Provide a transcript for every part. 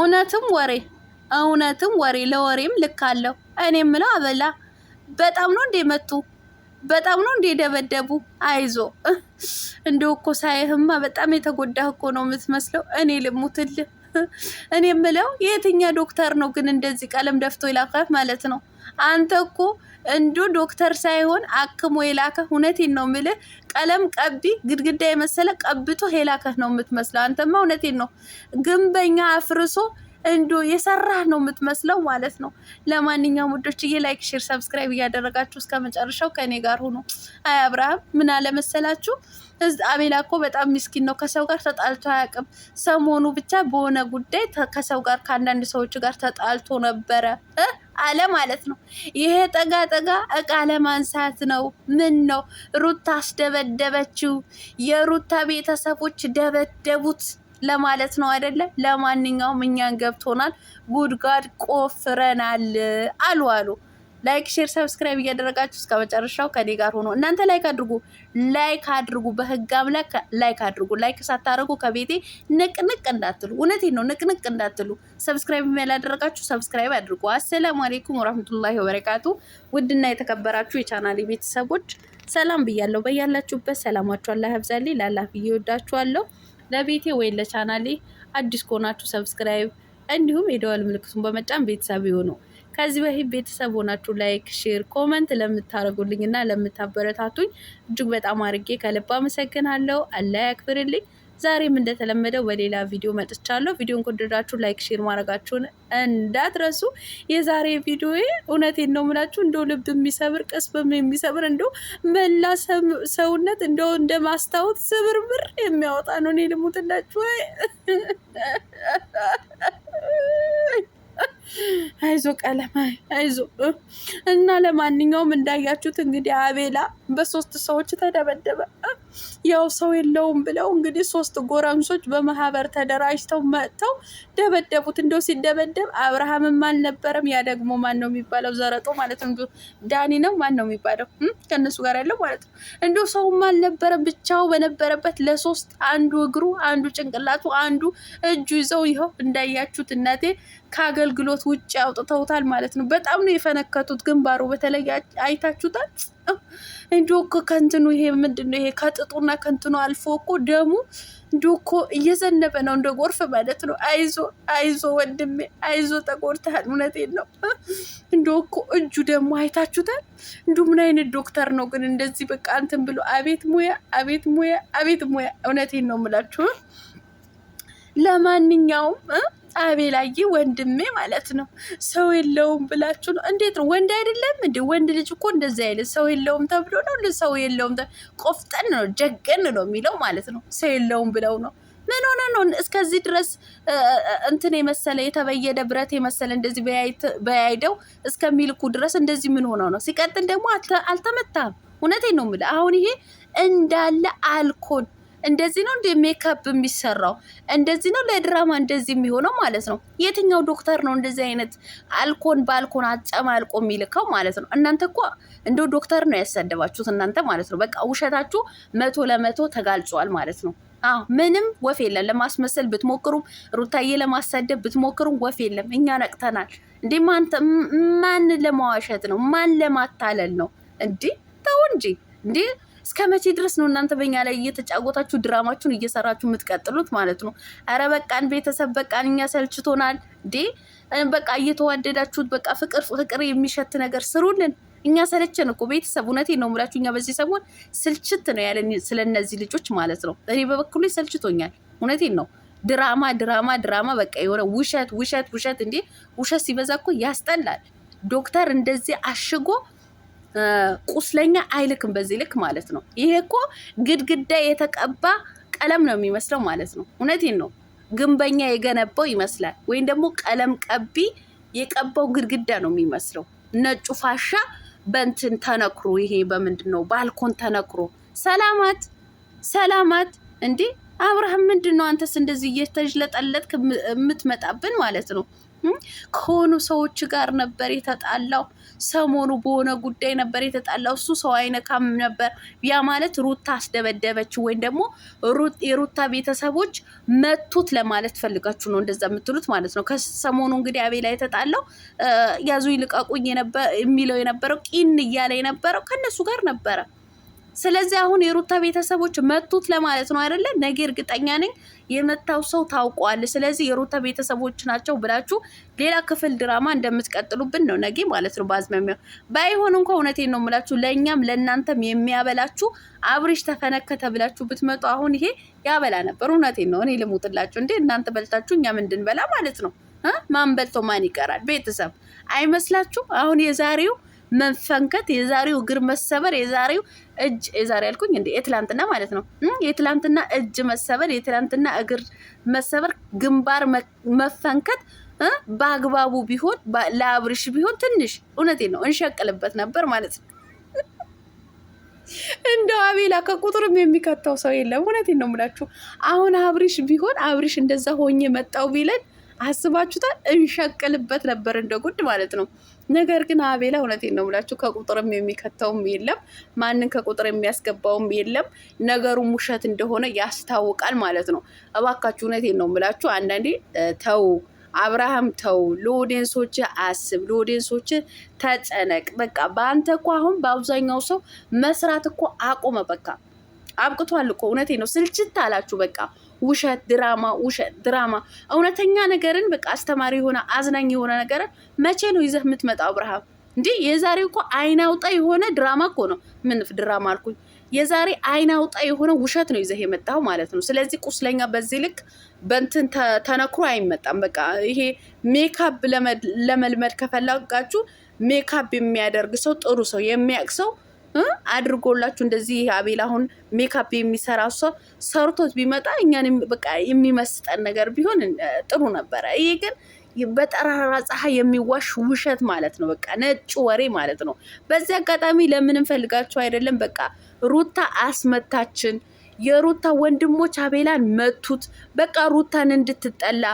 እውነትም ወሬ እውነትም ወሬ ለወሬም ልክ አለው። እኔ ምለው አበላ በጣም ነው እንዴ መቱ? በጣም ነው እንዴ ደበደቡ? አይዞ እንደው እኮ ሳይህማ በጣም የተጎዳህ እኮ ነው የምትመስለው። እኔ ልሙትልህ እኔ የምለው የትኛ ዶክተር ነው ግን እንደዚህ ቀለም ደፍቶ የላካት ማለት ነው? አንተ እኮ እንዱ ዶክተር ሳይሆን አክሞ የላከ እውነቴን ነው የምልህ። ቀለም ቀቢ ግድግዳ የመሰለ ቀብቶ የላከህ ነው የምትመስለው አንተማ። እውነቴን ነው ግንበኛ አፍርሶ እንዶ የሰራህ ነው የምትመስለው ማለት ነው። ለማንኛውም ውዶችዬ ላይክ፣ ሼር፣ ሰብስክራይብ እያደረጋችሁ እስከ መጨረሻው ከእኔ ጋር ሁኑ። አይ አብርሃም ምን አለመሰላችሁ አቤላ እኮ በጣም ሚስኪን ነው። ከሰው ጋር ተጣልቶ አያውቅም። ሰሞኑ ብቻ በሆነ ጉዳይ ከሰው ጋር ከአንዳንድ ሰዎች ጋር ተጣልቶ ነበረ አለ ማለት ነው። ይሄ ጠጋ ጠጋ እቃ ለማንሳት ነው። ምን ነው ሩታ አስደበደበችው። የሩታ ቤተሰቦች ደበደቡት። ለማለት ነው አይደለም። ለማንኛውም እኛን ገብቶናል፣ ጉድጓድ ቆፍረናል አሉ አሉ። ላይክ፣ ሼር፣ ሰብስክራይብ እያደረጋችሁ እስከ መጨረሻው ከኔ ጋር ሆኖ እናንተ ላይክ አድርጉ፣ ላይክ አድርጉ፣ በህግ አምላክ ላይክ አድርጉ። ላይክ ሳታደርጉ ከቤቴ ንቅንቅ እንዳትሉ፣ እውነቴን ነው ንቅንቅ እንዳትሉ። ሰብስክራይብ ያላደረጋችሁ ሰብስክራይብ አድርጉ። አሰላሙ አሌይኩም ወራህመቱላሂ ወበረካቱ። ውድና የተከበራችሁ የቻናሌ ቤተሰቦች ሰላም ብያለሁ። በያላችሁበት ሰላማችሁ አላህ ያብዛልኝ። ላላፍ እየወዳችኋለሁ። ለቤቴ ወይም ለቻናሌ አዲስ ከሆናችሁ ሰብስክራይብ እንዲሁም የደወል ምልክቱን በመጫን ቤተሰብ ይሁኑ። ከዚህ በፊት ቤተሰብ ሆናችሁ ላይክ፣ ሼር፣ ኮመንት ለምታደርጉልኝ እና ለምታበረታቱኝ እጅግ በጣም አድርጌ ከልብ አመሰግናለሁ። አላህ ያክብርልኝ። ዛሬም እንደተለመደው በሌላ ቪዲዮ መጥቻለሁ። ቪዲዮን ከወደዳችሁ ላይክ፣ ሼር ማድረጋችሁን እንዳትረሱ። የዛሬ ቪዲዮ እውነቴን ነው ምላችሁ እንደው ልብ የሚሰብር ቅስም የሚሰብር እንደው መላ ሰውነት እንደው እንደ ማስታወት ስብርብር የሚያወጣ ነው። እኔ ልሙትላችሁ። አይዞ ቀለማ አይዞ። እና ለማንኛውም እንዳያችሁት እንግዲህ አቤላ በሶስት ሰዎች ተደበደበ። ያው ሰው የለውም ብለው እንግዲህ ሶስት ጎረምሶች በማህበር ተደራጅተው መጥተው ደበደቡት። እንደው ሲደበደብ አብርሃምም አልነበረም። ያ ደግሞ ማን ነው የሚባለው? ዘረጦ ማለት ነው። ዳኒ ነው ማን ነው የሚባለው? ከእነሱ ጋር ያለው ማለት ነው። እንደው ሰውም አልነበረም። ብቻው በነበረበት ለሶስት አንዱ እግሩ፣ አንዱ ጭንቅላቱ፣ አንዱ እጁ ይዘው ይኸው እንዳያችሁት እናቴ ከአገልግሎት ውጭ አውጥተውታል ማለት ነው። በጣም ነው የፈነከቱት ግንባሩ በተለይ አይታችሁታል። እንዲ እኮ ከንትኑ ይሄ ምንድን ነው ይሄ ከጥጡና ከንትኑ አልፎ እኮ ደሙ እንዲ እኮ እየዘነበ ነው፣ እንደ ጎርፍ ማለት ነው። አይዞ አይዞ ወንድሜ አይዞ፣ ተጎድተሃል። እውነቴን ነው። እንዲ እኮ እጁ ደግሞ አይታችሁታል። እንዲ ምን አይነት ዶክተር ነው ግን እንደዚህ በቃ እንትን ብሎ አቤት ሙያ፣ አቤት ሙያ፣ አቤት ሙያ። እውነቴን ነው የምላችሁ ለማንኛውም አቤላዬ ወንድሜ ማለት ነው። ሰው የለውም ብላችሁ ነው? እንዴት ነው? ወንድ አይደለም እንዴ? ወንድ ልጅ እኮ እንደዚህ አይነት ሰው የለውም ተብሎ ነው። ሰው የለውም ቆፍጠን ነው ጀገን ነው የሚለው ማለት ነው። ሰው የለውም ብለው ነው። ምን ሆነ ነው እስከዚህ ድረስ እንትን የመሰለ የተበየደ ብረት የመሰለ እንደዚህ በያይደው እስከሚልኩ ድረስ እንደዚህ ምን ሆነው ነው? ሲቀጥል ደግሞ አልተመታም። እውነቴን ነው የምልህ አሁን ይሄ እንዳለ አልኮል እንደዚህ ነው እንደ ሜካፕ የሚሰራው፣ እንደዚህ ነው ለድራማ እንደዚህ የሚሆነው ማለት ነው። የትኛው ዶክተር ነው እንደዚህ አይነት አልኮን በአልኮን አጨማልቆ የሚልከው ማለት ነው? እናንተ እኮ እንደ ዶክተር ነው ያሳደባችሁት እናንተ ማለት ነው። በቃ ውሸታችሁ መቶ ለመቶ ተጋልጿል ማለት ነው። አዎ ምንም ወፍ የለም። ለማስመሰል ብትሞክሩም ሩታዬ ለማሳደብ ብትሞክሩም ወፍ የለም። እኛ ነቅተናል። እንዴ ማን ለማዋሸት ነው? ማን ለማታለል ነው? እንዲህ ተው እንጂ እንዲህ እስከ መቼ ድረስ ነው እናንተ በኛ ላይ እየተጫወታችሁ ድራማችሁን እየሰራችሁ የምትቀጥሉት ማለት ነው? አረ በቃን ቤተሰብ በቃን፣ እኛ ሰልችቶናል። እንዴ በቃ እየተዋደዳችሁት በቃ ፍቅር ፍቅር የሚሸት ነገር ስሩልን። እኛ ሰለቸን እኮ ቤተሰብ፣ እውነቴ ነው የምላችሁ። እኛ በዚህ ሰሞን ስልችት ነው ያለን ስለነዚህ ልጆች ማለት ነው። እኔ በበኩሉ ሰልችቶኛል፣ እውነቴን ነው። ድራማ ድራማ ድራማ በቃ የሆነ ውሸት ውሸት ውሸት። እንዴ ውሸት ሲበዛ እኮ ያስጠላል። ዶክተር እንደዚህ አሽጎ ቁስለኛ አይልክም በዚህ ልክ ማለት ነው። ይሄ እኮ ግድግዳ የተቀባ ቀለም ነው የሚመስለው ማለት ነው። እውነቴን ነው። ግንበኛ የገነባው ይመስላል፣ ወይም ደግሞ ቀለም ቀቢ የቀባው ግድግዳ ነው የሚመስለው። ነጩ ፋሻ በእንትን ተነክሮ ይሄ በምንድን ነው ባልኮን ተነክሮ። ሰላማት ሰላማት እንዴ አብርሃም፣ ምንድን ነው አንተስ እንደዚህ እየተዥለጠለጥክ የምትመጣብን ማለት ነው? ከሆኑ ሰዎች ጋር ነበር የተጣላው። ሰሞኑ በሆነ ጉዳይ ነበር የተጣላው። እሱ ሰው አይነካም ነበር። ያ ማለት ሩታ አስደበደበችው ወይም ደግሞ የሩታ ቤተሰቦች መቱት ለማለት ፈልጋችሁ ነው እንደዛ የምትሉት ማለት ነው። ከሰሞኑ እንግዲህ አቤላ የተጣላው ያዙኝ ልቀቁኝ የሚለው የነበረው ቂን እያለ የነበረው ከነሱ ጋር ነበረ። ስለዚህ አሁን የሩታ ቤተሰቦች መቱት ለማለት ነው አይደለ? ነገ እርግጠኛ ነኝ የመታው ሰው ታውቋል። ስለዚህ የሩታ ቤተሰቦች ናቸው ብላችሁ ሌላ ክፍል ድራማ እንደምትቀጥሉብን ነው ነገ ማለት ነው። በአዝማሚያው ባይሆን እንኳ እውነቴን ነው የምላችሁ ለእኛም ለእናንተም የሚያበላችሁ አብሬሽ ተፈነከተ ብላችሁ ብትመጡ አሁን ይሄ ያበላ ነበር። እውነቴን ነው እኔ ልሙጥላችሁ እንዴ እናንተ በልታችሁ እኛ ምንድን በላ ማለት ነው። ማን በልቶ ማን ይቀራል? ቤተሰብ አይመስላችሁ? አሁን የዛሬው መፈንከት፣ የዛሬው እግር መሰበር፣ የዛሬው እጅ የዛሬ ያልኩኝ እንዲ የትላንትና ማለት ነው። የትላንትና እጅ መሰበር፣ የትላንትና እግር መሰበር፣ ግንባር መፈንከት በአግባቡ ቢሆን ለአብርሽ ቢሆን ትንሽ እውነቴ ነው እንሸቅልበት ነበር ማለት ነው። እንደ አቤላ ከቁጥርም የሚከተው ሰው የለም። እውነቴን ነው የምላችሁ። አሁን አብሪሽ ቢሆን አብሪሽ እንደዛ ሆኜ መጣው ቢለን አስባችሁታል? እንሸቅልበት ነበር እንደ ጉድ ማለት ነው። ነገር ግን አቤላ እውነቴን ነው ብላችሁ ከቁጥርም የሚከተውም የለም፣ ማንን ከቁጥር የሚያስገባውም የለም። ነገሩም ውሸት እንደሆነ ያስታውቃል ማለት ነው። እባካችሁ እውነቴን ነው ብላችሁ አንዳንዴ ተው አብርሃም ተው፣ ለኦዲየንሶች አስብ፣ ለኦዲየንሶች ተጨነቅ። በቃ በአንተ እኮ አሁን በአብዛኛው ሰው መስራት እኮ አቆመ። በቃ አብቅቷል እኮ እውነቴ ነው። ስልችት አላችሁ በቃ ውሸት፣ ድራማ፣ ውሸት፣ ድራማ። እውነተኛ ነገርን በቃ አስተማሪ የሆነ አዝናኝ የሆነ ነገርን መቼ ነው ይዘህ የምትመጣው? አብርሃም እንዲህ የዛሬ እኮ አይናውጣ የሆነ ድራማ እኮ ነው። ምን ድራማ አልኩኝ። የዛሬ አይናውጣ የሆነ ውሸት ነው ይዘህ የመጣው ማለት ነው። ስለዚህ ቁስለኛ በዚህ ልክ በንትን ተነክሮ አይመጣም። በቃ ይሄ ሜካፕ ለመልመድ ከፈላጋችሁ ሜካፕ የሚያደርግ ሰው ጥሩ ሰው የሚያቅ ሰው አድርጎላችሁ እንደዚህ አቤል አሁን ሜካፕ የሚሰራ ሰው ሰርቶት ቢመጣ እኛን በቃ የሚመስጠን ነገር ቢሆን ጥሩ ነበረ። ይሄ ግን በጠራራ ፀሐይ የሚዋሽ ውሸት ማለት ነው። በቃ ነጭ ወሬ ማለት ነው። በዚህ አጋጣሚ ለምን እንፈልጋችሁ አይደለም። በቃ ሩታ አስመታችን የሩታ ወንድሞች አቤላን መቱት። በቃ ሩታን እንድትጠላ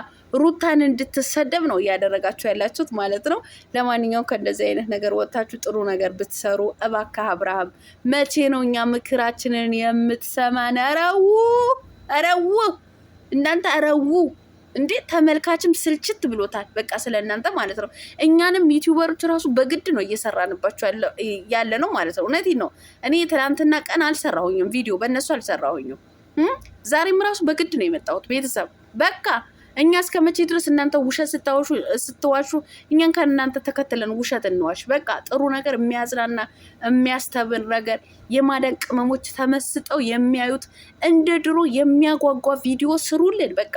ሩታን እንድትሰደብ ነው እያደረጋችሁ ያላችሁት ማለት ነው። ለማንኛውም ከእንደዚህ አይነት ነገር ወጥታችሁ ጥሩ ነገር ብትሰሩ እባክህ አብርሃም፣ መቼ ነው እኛ ምክራችንን የምትሰማን? ረው ረው እናንተ ረው እንዴ ተመልካችም ስልችት ብሎታል። በቃ ስለ እናንተ ማለት ነው። እኛንም ዩቲዩበሮች ራሱ በግድ ነው እየሰራንባቸው ያለ ነው ማለት ነው። እውነት ነው። እኔ ትናንትና ቀን አልሰራሁኝም ቪዲዮ በእነሱ አልሰራሁኝም። ዛሬም ራሱ በግድ ነው የመጣሁት። ቤተሰብ በቃ እኛ እስከ መቼ ድረስ እናንተ ውሸት ስታወሹ ስትዋሹ እኛን ከእናንተ ተከትለን ውሸት እንዋሽ። በቃ ጥሩ ነገር የሚያዝናና የሚያስተብር ነገር የማዳን ቅመሞች ተመስጠው የሚያዩት እንደ ድሮ የሚያጓጓ ቪዲዮ ስሩልን በቃ።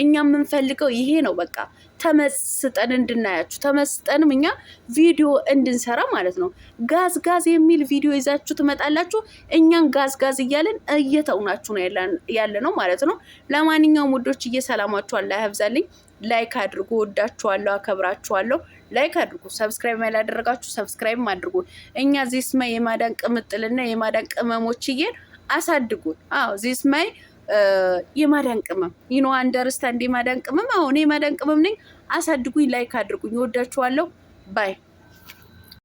እኛ የምንፈልገው ይሄ ነው። በቃ ተመስጠን እንድናያችሁ ተመስጠንም እኛ ቪዲዮ እንድንሰራ ማለት ነው። ጋዝ ጋዝ የሚል ቪዲዮ ይዛችሁ ትመጣላችሁ። እኛን ጋዝ ጋዝ እያለን እየተውናችሁ ነው ያለ ነው ማለት ነው። ለማንኛውም ውዶች እየሰላማችሁ አላ ያብዛልኝ። ላይክ አድርጉ። ወዳችኋለሁ፣ አከብራችኋለሁ። ላይክ አድርጉ። ሰብስክራይብ ያላደረጋችሁ ሰብስክራይብ አድርጉ። እኛ ዚስማይ የማዳን ቅምጥልና የማዳን ቅመሞች እየን አሳድጉን። አዎ ዚስማይ የማዳን ቅመም ይኖ አንደርስታንድ የማዳን ቅመም አሁን የማዳን ቅመም ነኝ። አሳድጉኝ፣ ላይክ አድርጉኝ። ወዳችኋለሁ። ባይ